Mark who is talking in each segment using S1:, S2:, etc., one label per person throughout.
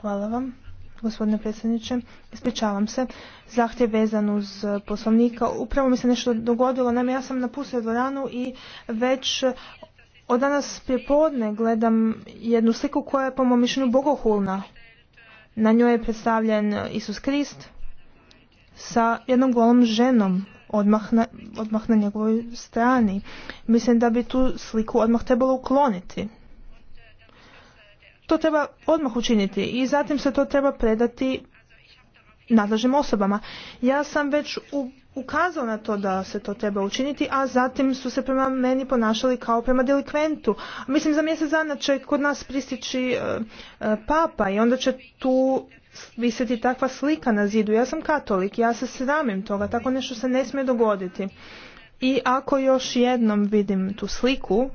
S1: Hvala vam gospodine predsjedniče. Ispričavam se. Zahtjev vezan uz poslovnika. Upravo mi se nešto dogodilo. Naime, ja sam napustio dvoranu i već od danas prijepodne gledam jednu sliku koja je po mom mišljenju bogohulna. Na njoj je predstavljen Isus Krist sa jednom golom ženom odmah odmah na njegovoj strani. Mislim da bi tu sliku odmah trebalo ukloniti to treba odmah učiniti i zatim se to treba predati nadležnim osobama. Ja sam već ukazao na to da se to treba učiniti, a zatim su se prema meni ponašali kao prema delikventu. Mislim, za mjesec dana će kod nas pristići e, e, papa i onda će tu visjeti takva slika na zidu. Ja sam katolik, ja se sramim toga, tako nešto se ne smije dogoditi. I ako još jednom vidim tu sliku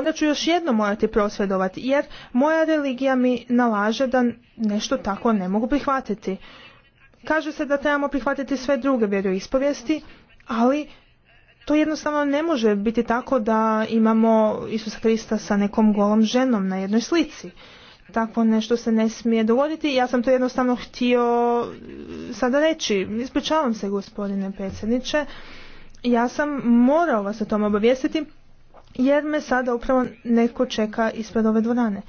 S1: onda ću još jedno morati prosvjedovati jer moja religija mi nalaže da nešto tako ne mogu prihvatiti. Kaže se da trebamo prihvatiti sve druge vjeroispovijesti, ali to jednostavno ne može biti tako da imamo Isusa Krista sa nekom golom ženom na jednoj slici. Takvo nešto se ne smije dogoditi. Ja sam to jednostavno htio eh, sada reći. Ispričavam se gospodine predsjedniče. Ja sam morao vas o tome obavijestiti jer me sada upravo neko čeka ispred ove dvorane.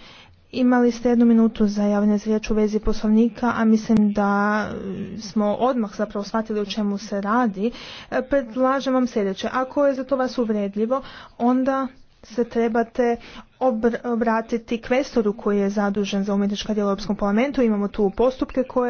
S1: Imali ste jednu minutu za javne riječ u vezi poslovnika, a mislim da e, smo odmah zapravo shvatili o čemu se radi. E, predlažem vam sljedeće. Ako je za to vas uvredljivo, onda se trebate obratiti kvestoru koji je zadužen za umjetnička djela u Europskom parlamentu. Imamo tu postupke koje